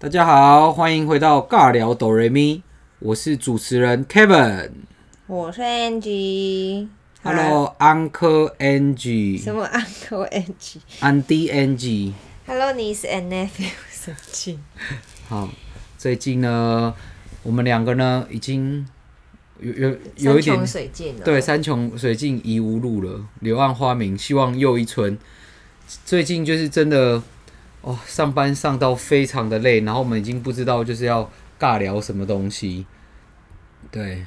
大家好，歡迎回到尬聊哆瑞咪，我是主持人 Kevin，我是 Angie，Hello Uncle Angie，什麼 Uncle Angie，Auntie Angie，Hello，niece and nephew。Hello, niece and 好，最近呢，我們兩個呢，已經有有有一點山窮水盡了，對，山窮水盡疑無路了，柳暗花明，希望又一村。最近就是真的。哦，上班上到非常的累，然後我們已經不知道就是要尬聊什麼東西，對，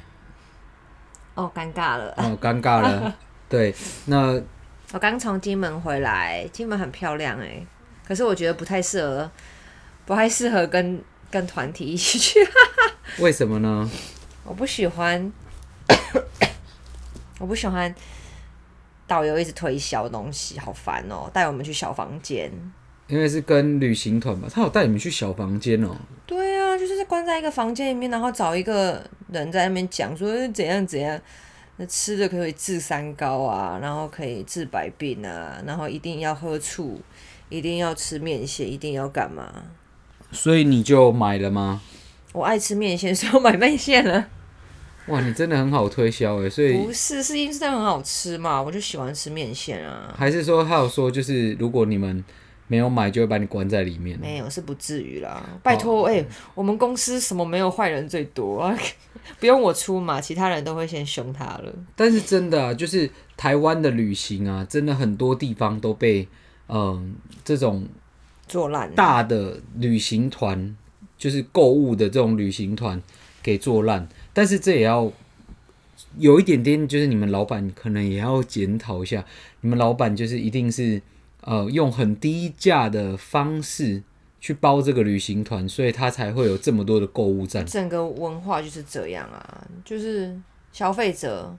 哦，尷尬了，哦，尷尬了， 對，那我剛從金門回來，金門很漂亮哎，可是我覺得不太適合，不太適合跟跟團體一起去， 為什麼呢？我不喜歡， 我不喜歡導遊一直推銷東西，好煩哦，帶我們去小房間。因為是跟旅行團嘛，他有帶你們去小房間哦、喔。對啊，就是在關在一個房間裡面，然後找一個人在那邊講說是怎樣怎樣，那吃的可以治三高啊，然後可以治百病啊，然後一定要喝醋，一定要吃麵線，一定要幹嘛？所以你就買了嗎？我愛吃麵線，所以我買麵線了。哇，你真的很好推銷誒、欸。所以不是是因為它很好吃嘛？我就喜歡吃麵線啊。還是說他有說就是如果你們？沒有買就會把你關在裡面。沒有是不至於啦，拜託，哎，我們公司什麼沒有壞人最多、啊， 不用我出馬，其他人都會先凶他了。但是真的、啊、就是台灣的旅行啊，真的很多地方都被嗯、呃、這種做爛大的旅行團，就是購物的這種旅行團給做爛。但是這也要有一點點，就是你們老闆可能也要檢討一下，你們老闆就是一定是。呃，用很低價的方式去包這個旅行團，所以他才會有這麼多的購物站。整個文化就是這樣啊，就是消費者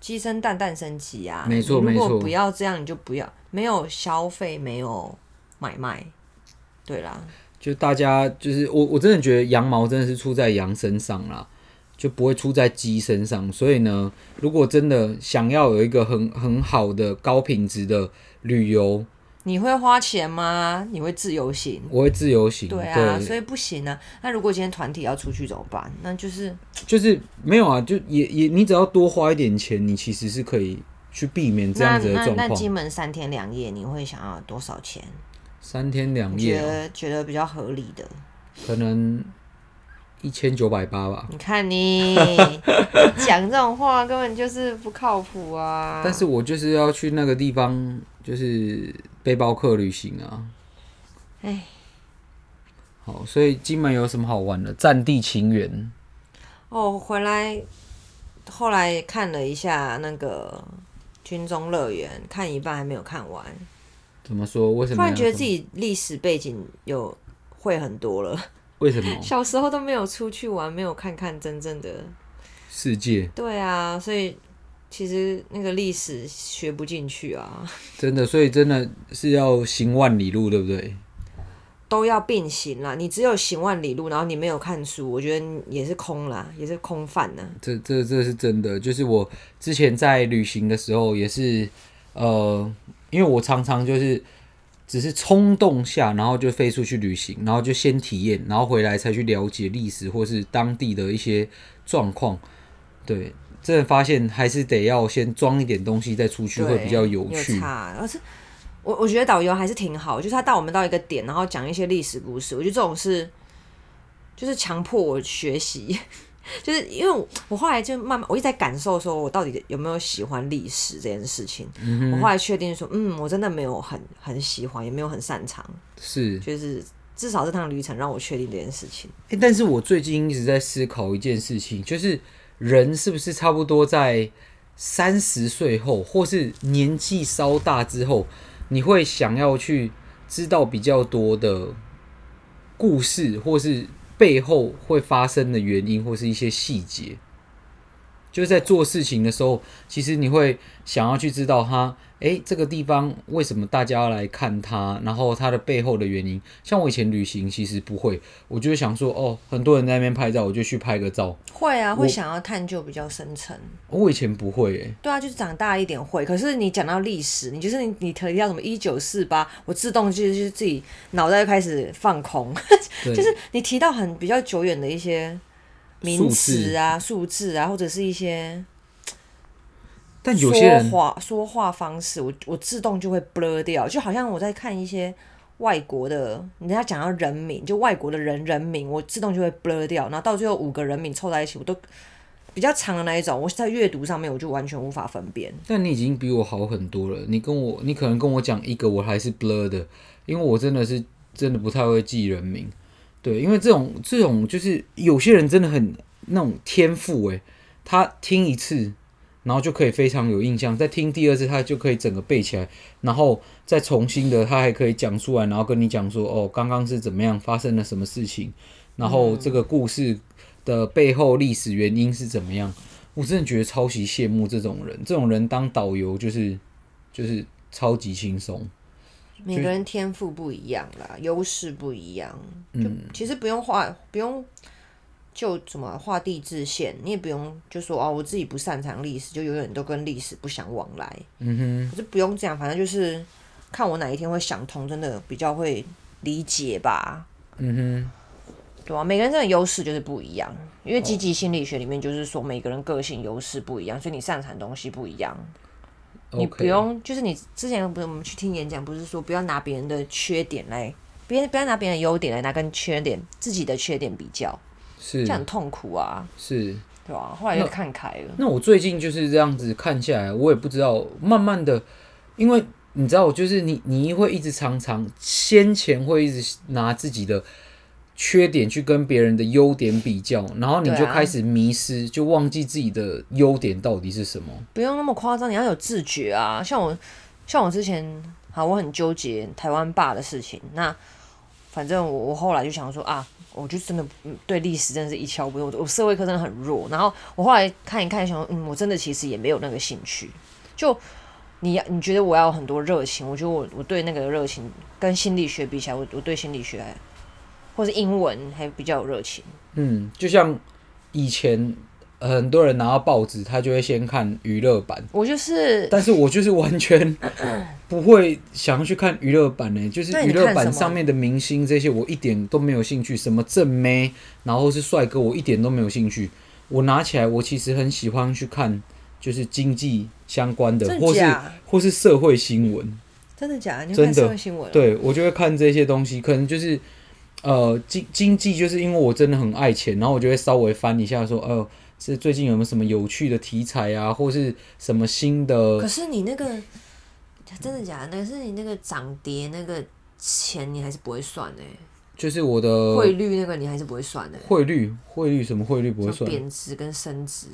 雞生蛋蛋生雞啊。沒錯，沒錯。如果不要這樣，你就不要沒有消費，沒有買賣，對啦。就大家就是我，我真的覺得羊毛真的是出在羊身上啦，就不會出在雞身上。所以呢，如果真的想要有一個很很好的高品質的。旅遊，你會花錢嗎？你會自由行？我會自由行。對啊，對，所以不行啊。那如果今天團體要出去怎麼辦？那就是就是沒有啊，就也也，你只要多花一點錢，你其實是可以去避免這樣子的狀況。那金門三天兩夜，你會想要多少錢？三天兩夜覺得覺得比較合理的，可能一千九百八吧。你看你講 這種話，根本就是不靠譜啊！但是我就是要去那個地方。就是背包客旅行啊，哎，好，所以金門有什麼好玩的？戰地情緣。哦，回來後來看了一下那個軍中樂園，看一半還沒有看完。怎麼說？為什麼突然覺得自己歷史背景有會很多了？為什麼？小時候都沒有出去玩，沒有看看真正的世界。對啊，所以。其實那個歷史學不進去啊，真的，所以真的是要行萬里路，對不對？都要並行啦，你只有行萬里路，然後你沒有看書，我覺得也是空啦，也是空泛呢啊。這這這是真的，就是我之前在旅行的時候也是，呃，因為我常常就是只是衝動下，然後就飛出去旅行，然後就先體驗，然後回來才去了解歷史或是當地的一些狀況，對。真的發現還是得要先裝一點東西再出去會比較有趣。有差，而是我我覺得導遊還是挺好，就是他帶我們到一個點，然後講一些歷史故事。我覺得這種事就是強迫我學習，就是因為我我後來就慢慢我一直在感受說，我到底有沒有喜歡歷史這件事情。嗯、哼我後來確定說，嗯，我真的沒有很很喜歡，也沒有很擅長。是，就是至少這趟旅程讓我確定這件事情。欸，但是我最近一直在思考一件事情，就是。人是不是差不多在三十歲後，或是年紀稍大之後，你會想要去知道比較多的故事，或是背後會發生的原因，或是一些細節，就是在做事情的時候，其實你會想要去知道他。哎、欸，這個地方為什麼大家要來看它？然後它的背後的原因，像我以前旅行，其實不會，我就想說，哦，很多人在那邊拍照，我就去拍個照。會啊，我會想要探究比較深層。我以前不會誒、欸。對啊，就是長大一點會。可是你講到歷史，你就是你你提到什麼一九四八，我自動就是、就是、自己腦袋就開始放空， 對就是你提到很比較久遠的一些名詞啊、數字、數字啊，或者是一些。但有些人說話說話方式，我我自動就會 blur 掉，就好像我在看一些外國的，人家講到人名，就外國的人人名，我自動就會 blur 掉，然後到最後五個人名湊在一起，我都比較長的那一種，我在閱讀上面我就完全無法分辨。但你已經比我好很多了，你跟我，你可能跟我講一個，我還是 blur 的，因為我真的是真的不太會記人名。對，因為這種這種就是有些人真的很那種天賦，誒，他聽一次。然後就可以非常有印象，再聽第二次，他就可以整個背起來，然後再重新的，他還可以講出來，然後跟你講說，哦，剛剛是怎麼樣發生了什麼事情，然後這個故事的背後歷史原因是怎麼樣？嗯，我真的覺得超級羨慕這種人，這種人當導遊就是就是超級輕鬆。每個人天賦不一樣啦，優勢不一樣，嗯，其實不用畫，不用。就怎麼畫地自限，你也不用就說哦、啊，我自己不擅長歷史，就永遠都跟歷史不相往來。嗯哼、mm，就、hmm. 不用這樣，反正就是看我哪一天會想通，真的比較會理解吧。嗯哼、mm，hmm. 對啊，每個人的優勢就是不一樣，因為積極心理學裡面就是說每個人個性優勢不一樣，所以你擅長的東西不一樣。你不用，Okay. 就是你之前不是我們去聽演講，不是說不要拿別人的缺點來，別不要拿別人的優點來拿跟缺點、自己的缺點比較。是，這樣很痛苦啊，是，對吧、啊。後來又看開了那。那我最近就是這樣子看下來，我也不知道，慢慢的，因為你知道，我就是你，你會一直常常先前會一直拿自己的缺點去跟別人的優點比較，然後你就開始迷失，啊、就忘記自己的優點到底是什麼。不用那麼誇張，你要有自覺啊。像我，像我之前，好，我很糾結台灣爸的事情。那反正我我後來就想說啊。我就真的，對歷史真的是一竅不通。我社會科真的很弱。然後我後來看一看，想說，嗯，我真的其實也沒有那個興趣。就你要你覺得我要有很多熱情，我覺得我我對那個熱情跟心理學比起來，我我對心理學還，或是英文還比較有熱情。嗯，就像以前。很多人拿到報紙，他就會先看娛樂版。我就是，但是我就是完全不會想要去看娛樂版呢、欸。就是娛樂版上面的明星這些，我一點都沒有興趣。什麼正妹，然後是帥哥，我一點都沒有興趣。我拿起來，我其實很喜歡去看，就是經濟相關的，的或是或是社會新聞。真的假的？你社會真的新聞？對，我就會看這些東西。可能就是呃，經經濟，就是因為我真的很愛錢，然後我就會稍微翻一下，說，哎、呃、呦。是最近有沒有什麼有趣的題材啊，或是什麼新的？可是你那個真的假的？那個是你那個漲跌那個錢，你還是不會算呢、欸。就是我的匯率那個，你還是不會算的、欸。匯率匯率什麼匯率不會算？貶值跟升值，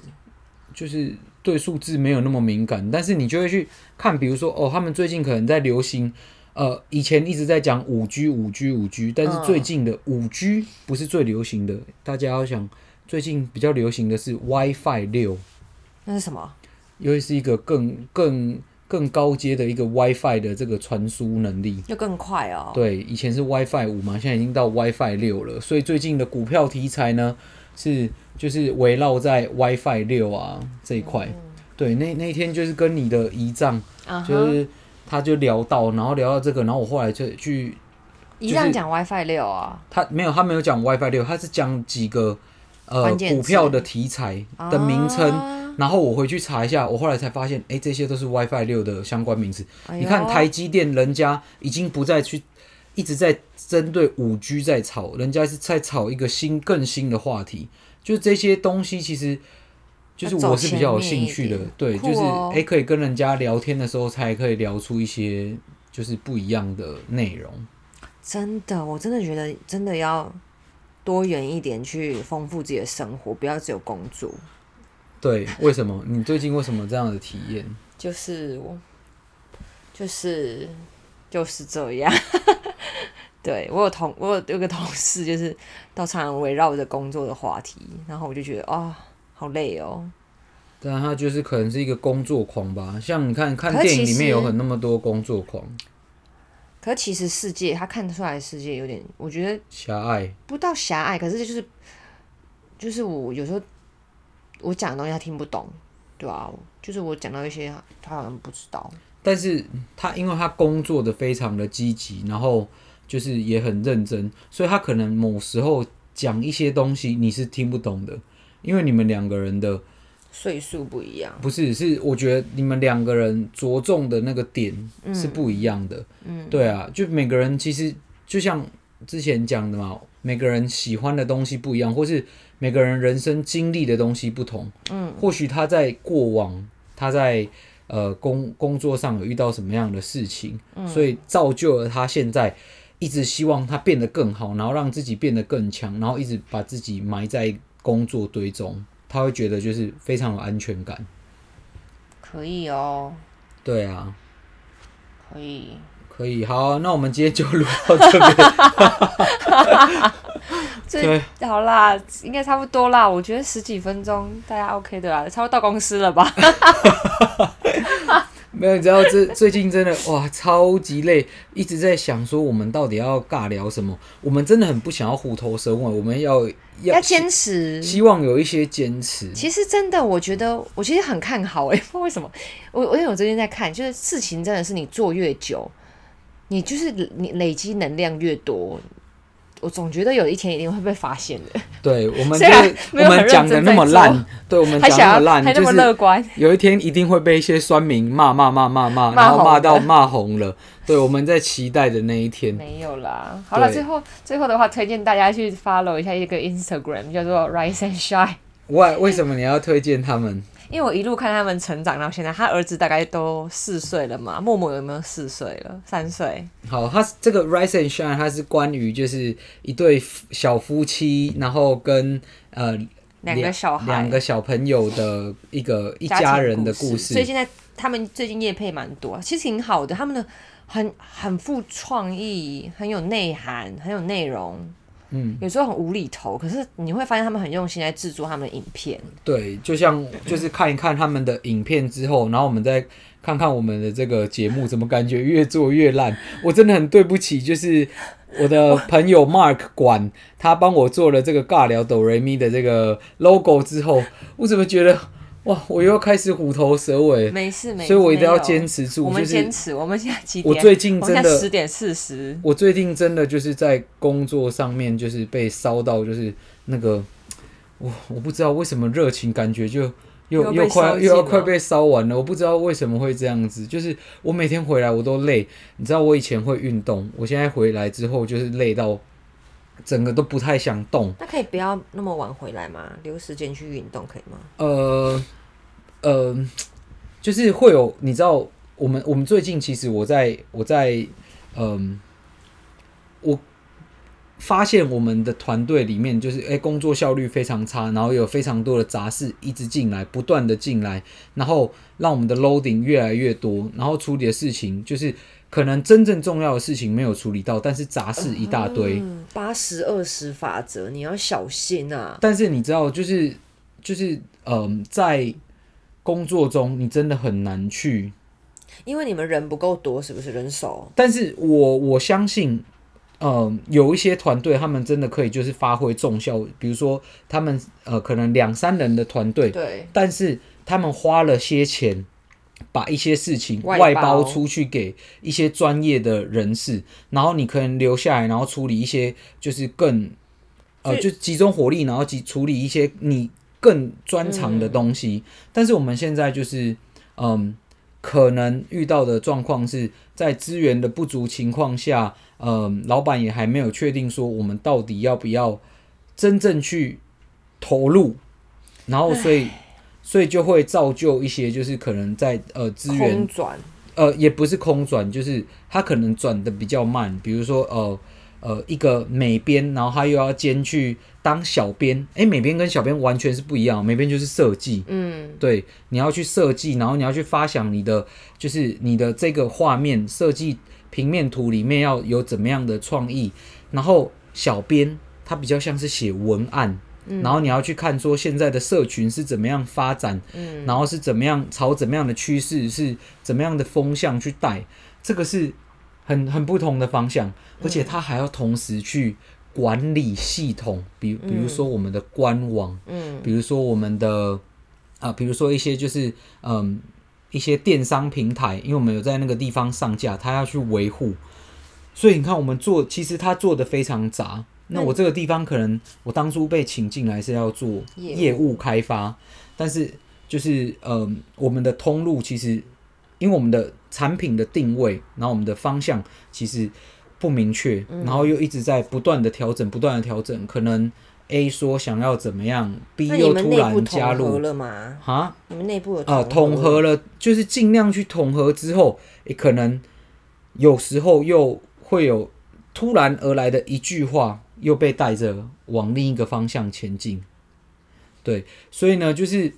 就是對數字沒有那麼敏感，但是你就會去看，比如說哦，他們最近可能在流行，呃，以前一直在講五 G 五 G 五 G，G，但是最近的五 G 不是最流行的，嗯、大家要想。最近比較流行的是 WiFi 六，6，那是什麼？因為是一個更更更高階的一個 WiFi 的這個傳輸能力，要更快哦。對，以前是 WiFi 五嘛，現在已經到 WiFi 六了。所以最近的股票題材呢，是就是圍繞在 WiFi 六啊這一塊。嗯、對，那那一天就是跟你的姨丈，uh huh、就是他就聊到，然後聊到這個，然後我後來就去姨丈講 WiFi 六啊。他沒有，他沒有講 WiFi 六，6，他是講幾個。呃，股票的題材的名稱，啊、然後我回去查一下，我後來才發現，哎，這些都是 WiFi 六的相關名詞。哎、呦你看，台積電人家已經不再去，一直在針對五 G 在炒，人家是在炒一個新、更新的話題。就這些東西，其實就是我是比較有興趣的，啊、對，哦、就是哎，可以跟人家聊天的時候，才可以聊出一些就是不一樣的內容。真的，我真的覺得真的要多元一點去豐富自己的生活，不要只有工作。對，為什麼？你最近為什麼這樣的體驗 、就是？就是我，就是就是這樣。 對我有同，我有個同事，就是通常圍繞着工作的話題，然後我就覺得啊、哦，好累哦。但他就是可能是一個工作狂吧。像你看看電影裡面有很那麼多工作狂。可其實世界他看出來的世界有點，我覺得狹隘，不到狹隘，狹隘，可是就是就是我有時候我講的東西他聽不懂，對吧、啊？就是我講到一些他好像不知道。但是他因為他工作的非常的積極，然後就是也很認真，所以他可能某時候講一些東西你是聽不懂的，因為你們兩個人的。歲數不一樣，不是，是我覺得你們兩個人着重的那個點是不一樣的，嗯，嗯，對啊，就每個人其實就像之前講的嘛，每個人喜歡的東西不一樣，或是每個人人生經歷的東西不同，嗯，或許他在過往，他在呃工工作上有遇到什麼樣的事情，嗯，所以造就了他現在一直希望他變得更好，然後讓自己變得更強，然後一直把自己埋在工作堆中。他會覺得就是非常有安全感。可以哦。對啊。可以。可以，好，那我們今天就錄到這裡。對，好啦，應該差不多啦。我覺得十幾分鐘，大家 OK 的吧？差不多到公司了吧？ 沒有，你知道，最近真的哇，超級累，一直在想說我們到底要尬聊什麼。我們真的很不想要虎頭蛇尾，我們要。要堅持要，希望有一些堅持。其實真的，我覺得我其實很看好哎、欸。為什麼？我因為我最近在看，就是事情真的是你做越久，你就是累，你累積能量越多。我總覺得有一天一定會被發現的。對我們，我們講、就是、的那麼爛，對我們講的爛，還那麼樂觀，有一天一定會被一些酸民罵罵罵罵罵，然後罵到罵紅了。對，我們在期待的那一天沒有啦。對好了，最後最後的話，推薦大家去 follow 一下一個 Instagram，叫做 Rise and Shine。Why？為什麼你要推薦他們？因為我一路看他們成長，然後現在他兒子大概都四歲了嘛，默默有沒有四歲了？三歲。好，他這個《Rise and Shine》它是關於就是一對小夫妻，然後跟呃兩個小孩、兩個小朋友的一個一家人的故事，家庭故事。所以現在他們最近業配蠻多，其實挺好的，他們的很很富創意，很有內涵，很有內容。嗯，有時候很無厘頭，可是你會發現他們很用心在製作他們的影片。對，就像就是看一看他們的影片之後，然後我們再看看我們的這個節目怎麼感覺越做越爛。我真的很對不起，就是我的朋友 Mark 管他幫我做了這個尬聊哆來咪的這個 logo 之後，我怎麼覺得？哇！我又開始虎頭蛇尾沒，沒事沒事，所以我一定要堅持住。有就是，我們堅持，我們現在幾點？我最近真的十點四十。我最近真的就是在工作上面，就是被燒到，就是那個我我不知道為什麼熱情感覺就又又，又快又要快被燒完了，我不知道為什麼會這樣子。就是我每天回來我都累，你知道我以前會運動，我現在回來之後就是累到整個都不太想動。那可以不要那麼晚回來嗎？留時間去運動可以嗎？呃。嗯、呃，就是會有你知道，我們我們最近其實我在我在嗯、呃，我發現我們的團隊裡面就是哎、欸，工作效率非常差，然後有非常多的雜事一直進來，不斷的進來，然後讓我們的 loading 越來越多，然後處理的事情就是可能真正重要的事情沒有處理到，但是雜事一大堆，嗯、八十二十法則，你要小心啊！但是你知道、就是，就是就是嗯，在。工作中你真的很難去，因為你們人不夠多，是不是人手？但是我我相信，嗯、呃，有一些團隊他們真的可以就是發揮綜效，比如說他們呃可能兩三人的團隊，對，但是他們花了些錢把一些事情外包，外包出去給一些專業的人士，然後你可能留下來，然後處理一些就是更呃就集中火力，然後集處理一些你。更專長的東西，嗯、但是我們現在就是，嗯、呃，可能遇到的狀況是在資源的不足情況下，嗯、呃，老闆也還沒有確定說我們到底要不要真正去投入，然後所以唉所以就會造就一些就是可能在呃資源轉轉呃也不是空轉，就是它可能轉的比較慢，比如說呃。呃，一個美編，然後他又要兼去當小編。哎、欸，美編跟小編完全是不一樣。美編就是設計，嗯，對，你要去設計，然後你要去發想你的，就是你的這個畫面設計平面圖裡面要有怎麼樣的創意。然後小編他比較像是寫文案，嗯、然後你要去看說現在的社群是怎麼樣發展，嗯，然後是怎麼樣朝怎麼樣的趨勢，是怎麼樣的風向去帶，這個是很很不同的方向。而且他還要同時去管理系統，比、嗯、比如說我們的官網，嗯，嗯，比如說我們的啊，比如說一些就是嗯，一些電商平台，因為我們有在那個地方上架，他要去維護。所以你看，我們做其實他做得非常雜。嗯、那我這個地方可能我當初被請進來是要做業務開發，務但是就是嗯，我們的通路其實因為我們的產品的定位，然後我們的方向其實。不明確，然後又一直在不斷的調整，嗯、不斷的調整，可能 A 說想要怎麼樣，B 又突然加入哈，你們內部統合了嗎？蛤？你們內部有統合了？、呃，統合了，就是儘量去統合之後、欸，可能有時候又會有突然而來的一句話，又被帶着往另一個方向前進。對，所以呢，就是。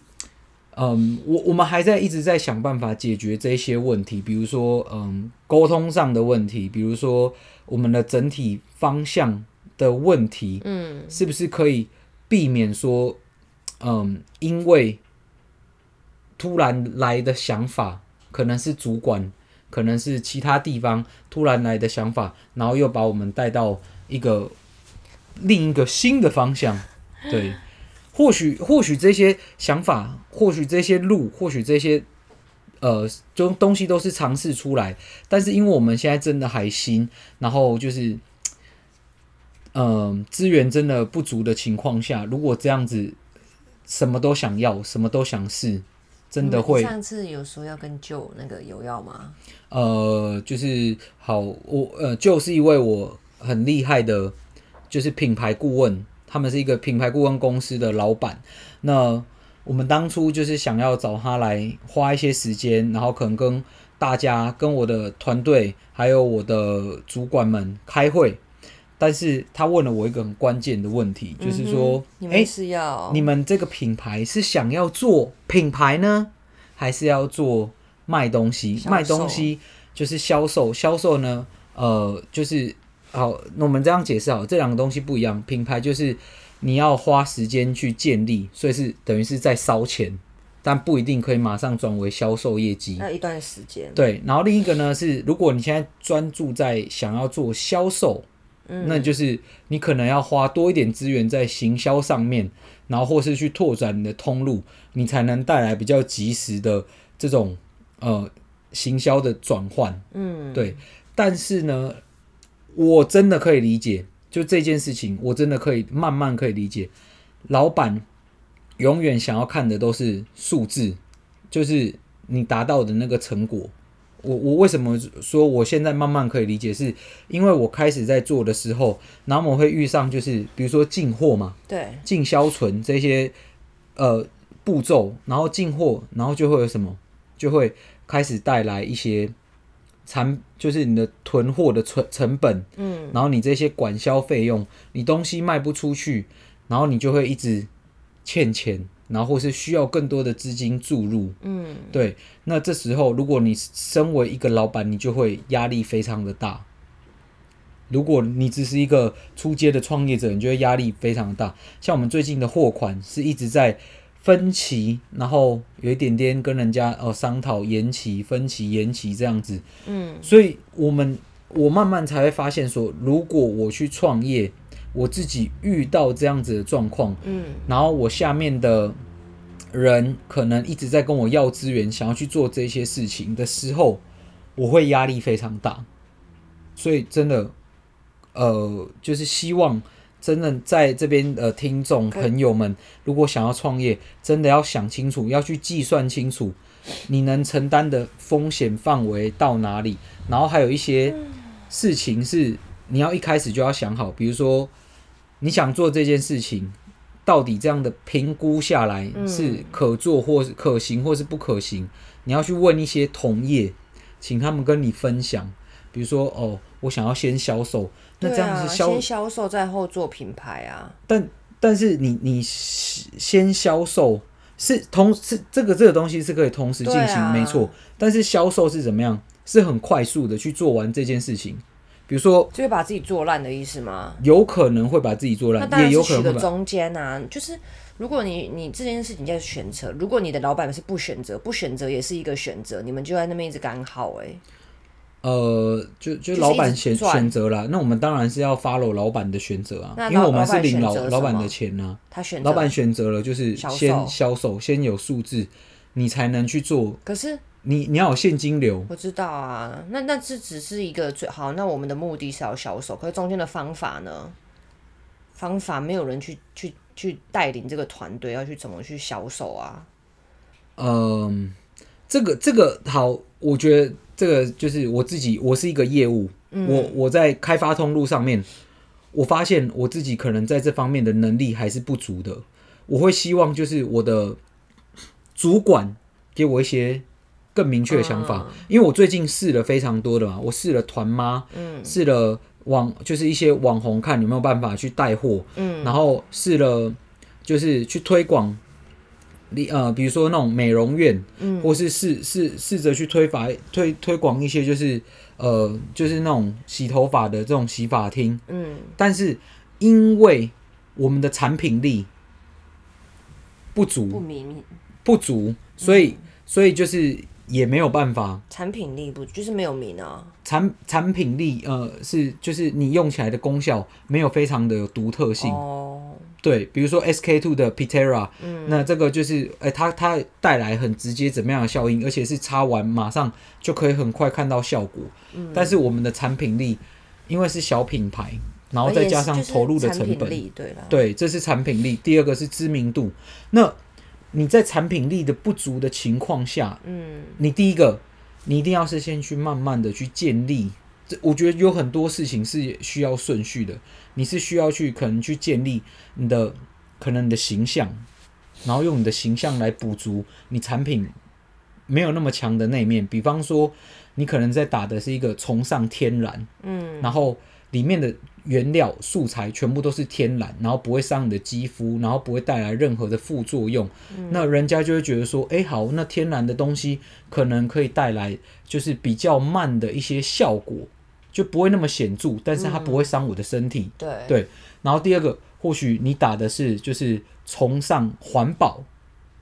嗯，我我們還在一直在想辦法解決這些問題，比如說，嗯，溝通上的問題，比如說我們的整體方向的問題，嗯，是不是可以避免說，嗯，因為突然來的想法，可能是主管，可能是其他地方突然來的想法，然後又把我們帶到一個另一個新的方向，對。或許，或許這些想法，或許這些路，或許這些呃，就東西都是嘗試出來。但是，因為我們現在真的還新，然後就是，嗯、呃，資源真的不足的情況下，如果這樣子什麼都想要，什麼都想試，真的會。嗯、上次有說要跟 Joe 那個有要嗎？呃，就是好，我呃 Joe 是一位我很厲害的，就是品牌顧問。他們是一個品牌顧問公司的老闆。那我們當初就是想要找他來花一些時間，然後可能跟大家、跟我的團隊還有我的主管們開會。但是他問了我一個很關鍵的問題，嗯哼，就是說，你們是要、欸、你們這個品牌是想要做品牌呢，還是要做賣東西？銷售，賣東西就是銷售，銷售呢，呃，就是。好，那我們這樣解釋好了，這兩個東西不一樣。品牌就是你要花時間去建立，所以是等於是在燒錢，但不一定可以馬上轉為銷售業績。那一段時間。對，然後另一個呢是，如果你現在專注在想要做銷售，嗯，那就是你可能要花多一點資源在行銷上面，然後或是去拓展你的通路，你才能帶來比較及時的這種呃行銷的轉換。嗯，對。但是呢，我真的可以理解，就這件事情，我真的可以慢慢可以理解。老闆永遠想要看的都是數字，就是你達到的那個成果。我我為什麼說我現在慢慢可以理解是，是因為我開始在做的時候，然後我會遇上就是，比如說進貨嘛，對，進銷存這些呃步驟，然後進貨，然後就會有什麼，就會開始帶來一些。產就是你的囤貨的成成本，嗯，然後你這些管銷費用，你東西賣不出去，然後你就會一直欠錢，然後或是需要更多的資金注入，嗯，對。那這時候，如果你身為一個老板，你就會壓力非常的大；如果你只是一個初階的創業者，你就會壓力非常的大。像我們最近的貨款是一直在。分期，然後有一點點跟人家呃商討延期、分期、延期這樣子，嗯，所以我們我慢慢才會發現說，如果我去創業，我自己遇到這樣子的狀況，嗯，然後我下面的人可能一直在跟我要資源，想要去做這些事情的時候，我會壓力非常大，所以真的，呃，就是希望。真的在這邊的聽眾朋友們，如果想要創業，真的要想清楚，要去計算清楚，你能承擔的風險範圍到哪裡。然後還有一些事情是你要一開始就要想好，比如說你想做這件事情，到底這樣的評估下來是可做或是可行或是不可行，你要去問一些同業，請他們跟你分享。比如說哦，我想要先銷售。那這樣子是銷銷、啊、先售在後做品牌啊，但但是你你先銷售是同是這個這個東西是可以同時進行，啊、沒錯。但是銷售是怎麼樣，是很快速的去做完這件事情，比如說，就會把自己做爛的意思嗎？有可能會把自己做爛，啊、也有可能會。中間啊，就是如果你你這件事情在選擇，如果你的老闆是不選擇，不選擇也是一個選擇，你們就在那邊一直幹好誒、欸。呃，就就老闆選選擇了，那我們當然是要 follow 老闆的選擇啊，老因為我們是領老老闆的錢呢。他選老闆選擇了，就是先銷售，售，售，先有數字，你才能去做。可是你你要有現金流，我知道啊。那那這只是一個最好。那我們的目的是要銷售，可是中間的方法呢？方法沒有人去去去帶領這個團隊要去怎麼去銷售啊？嗯、呃，這個這個好，我覺得。這個就是我自己，我是一個業務，嗯、我我在開發通路上面，我發現我自己可能在這方面的能力還是不足的。我會希望就是我的主管給我一些更明確的想法，啊、因為我最近試了非常多的嘛，我試了團媽，試了網，就是一些網紅，看有沒有辦法去帶貨，嗯，然後試了就是去推廣。呃，比如說那種美容院，嗯，或是試試試着去推發推推廣一些，就是呃，就是那種洗頭髮的這種洗髮廳，嗯，但是因為我們的產品力不足，不明，不足，所以，嗯，所以就是也沒有辦法，產品力不就是沒有名啊，產產品力呃是就是你用起來的功效沒有非常的有獨特性。哦對，比如說 S K two 的 Pitera，、嗯、那這個就是哎、欸，它它帶來很直接怎麼樣的效應，而且是擦完馬上就可以很快看到效果。嗯，但是我們的產品力，因為是小品牌，然後再加上投入的成本，是是對,對，這是產品力。第二個是知名度。那你在產品力的不足的情況下，嗯，你第一個你一定要是先去慢慢的去建立。我覺得有很多事情是需要順序的。你是需要去可能去建立你的可能你的形象，然後用你的形象來補足你產品沒有那麼強的那一面。比方說，你可能在打的是一個崇尚天然，嗯，然後裡面的原料素材全部都是天然，然後不會傷你的肌膚，然後不會帶來任何的副作用。那人家就會覺得說，哎，好，那天然的東西可能可以帶來就是比較慢的一些效果。就不會那麼顯著，但是它不會傷我的身體。嗯、對，對，然後第二個，或許你打的是就是崇尚環保，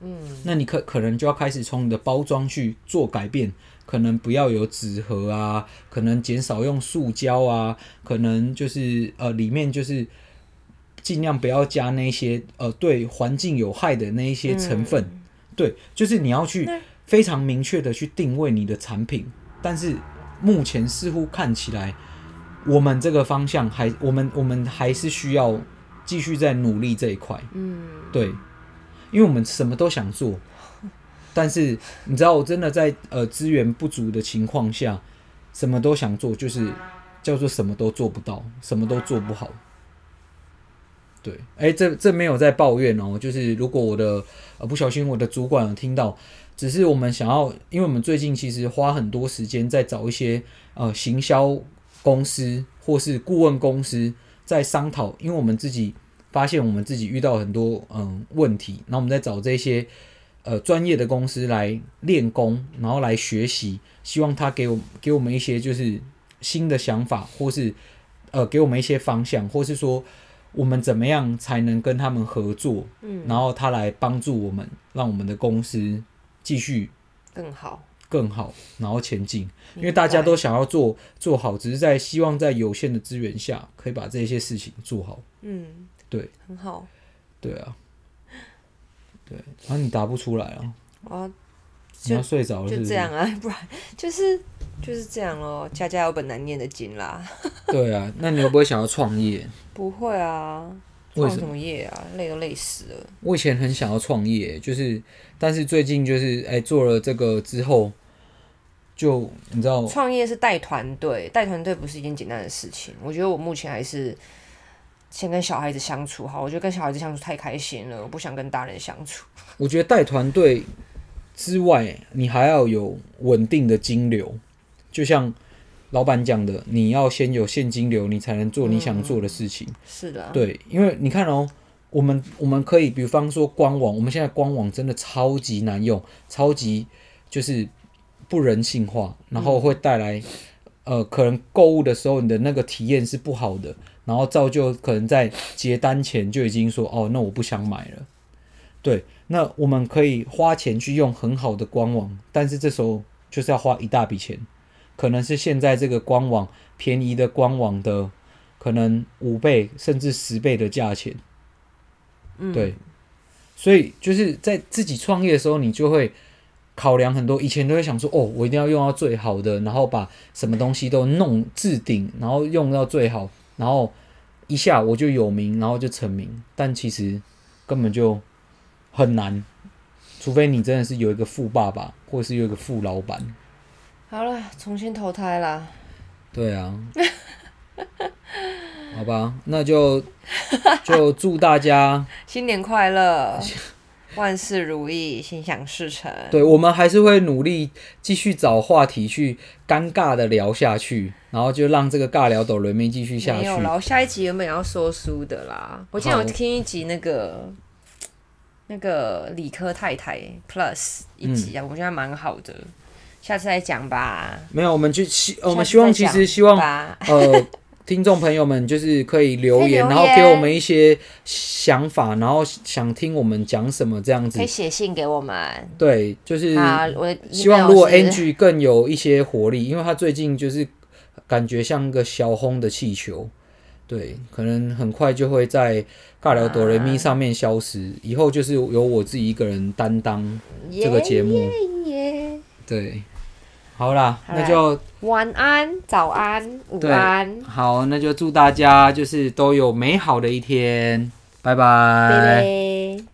嗯，那你可可能就要開始從你的包裝去做改變，可能不要有紙盒啊，可能減少用塑膠啊，可能就是呃裡面就是尽量不要加那些呃對環境有害的那一些成分。嗯、對，就是你要去非常明確的去定位你的產品，但是。目前似乎看起來，我們這個方向還我們我們還是需要繼續在努力這一塊，嗯，對，因為我們什麼都想做，但是你知道，我真的在呃資源不足的情況下，什麼都想做，就是叫做什麼都做不到，什麼都做不好。對，哎，這這沒有在抱怨哦，就是如果我的呃不小心我的主管聽到。只是我們想要，因為我們最近其實花很多時間在找一些呃行銷公司或是顧問公司在商討，因為我們自己發現我們自己遇到很多嗯、呃、問題，然後我們在找這些呃專業的公司來練功，然後來學習，希望他給我給我們一些就是新的想法，或是呃給我們一些方向，或是說我們怎麼樣才能跟他們合作，嗯，然後他來幫助我們，嗯、讓我們的公司。繼續更好，更好，更好，然後前進，白因為大家都想要做做好，只是在希望在有限的資源下可以把這些事情做好。嗯，對，很好，對啊，對，然後、啊、你答不出來啊，啊，你要睡着了是不是，就這樣啊，不然就是就是這樣咯。家家有本難念的經啦。 對啊，那你又不會想要創業？不會啊。創什麼業啊？累都累死了。我以前很想要創業，就是，但是最近就是，哎、欸，做了這個之後，就你知道嗎，創業是帶團隊，帶團隊不是一件簡單的事情。我覺得我目前還是先跟小孩子相處好。我覺得跟小孩子相處太開心了，我不想跟大人相處。我覺得帶團隊之外，你還要有穩定的金流，就像。老闆講的，你要先有現金流，你才能做你想做的事情。嗯、是的，對，因為你看哦，我們我們可以，比方說官網，我們現在官網真的超級難用，超級就是不人性化，然後會帶來、嗯、呃，可能購物的時候你的那個體驗是不好的，然後造就可能在結單前就已經說哦，那我不想買了。對，那我們可以花錢去用很好的官網，但是這時候就是要花一大筆錢。可能是現在這個官網便宜的官網的，可能五倍甚至十倍的價錢，嗯、對，所以就是在自己創業的時候，你就會考量很多。以前都會想說，哦，我一定要用到最好的，然後把什麼東西都弄置頂，然後用到最好，然後一下我就有名，然後就成名。但其實根本就很難，除非你真的是有一個富爸爸，或是有一個富老闆。好了，重新投胎啦。對啊， 好吧，那就就祝大家新年快樂， 萬事如意，心想事成。對，我們還是會努力繼續找話題去尷尬的聊下去，然後就讓這個尬聊鬥人民繼續下去。沒有了，然後下一集有沒有要說書的啦？我今天有聽一集那個好那個理科太太 Plus 一集啊，嗯、我覺得還蠻好的。下次再講吧。沒有，我們就希我們希望，其實希望 呃，聽眾朋友們就是可以留言，留言然後給我們一些想法，然後想聽我們講什麼這樣子，可以寫信給我們。對，就是我希望如果 Angie 更有一些活力，因為他最近就是感覺像個小紅的氣球，對，可能很快就會在尬聊哆來咪上面消失。啊，以後就是由我自己一個人擔當這個節目。Yeah, yeah, yeah. 對，好啦，好啦，那就晚安、早安、午安。好，那就祝大家就是都有美好的一天，拜拜。拜拜。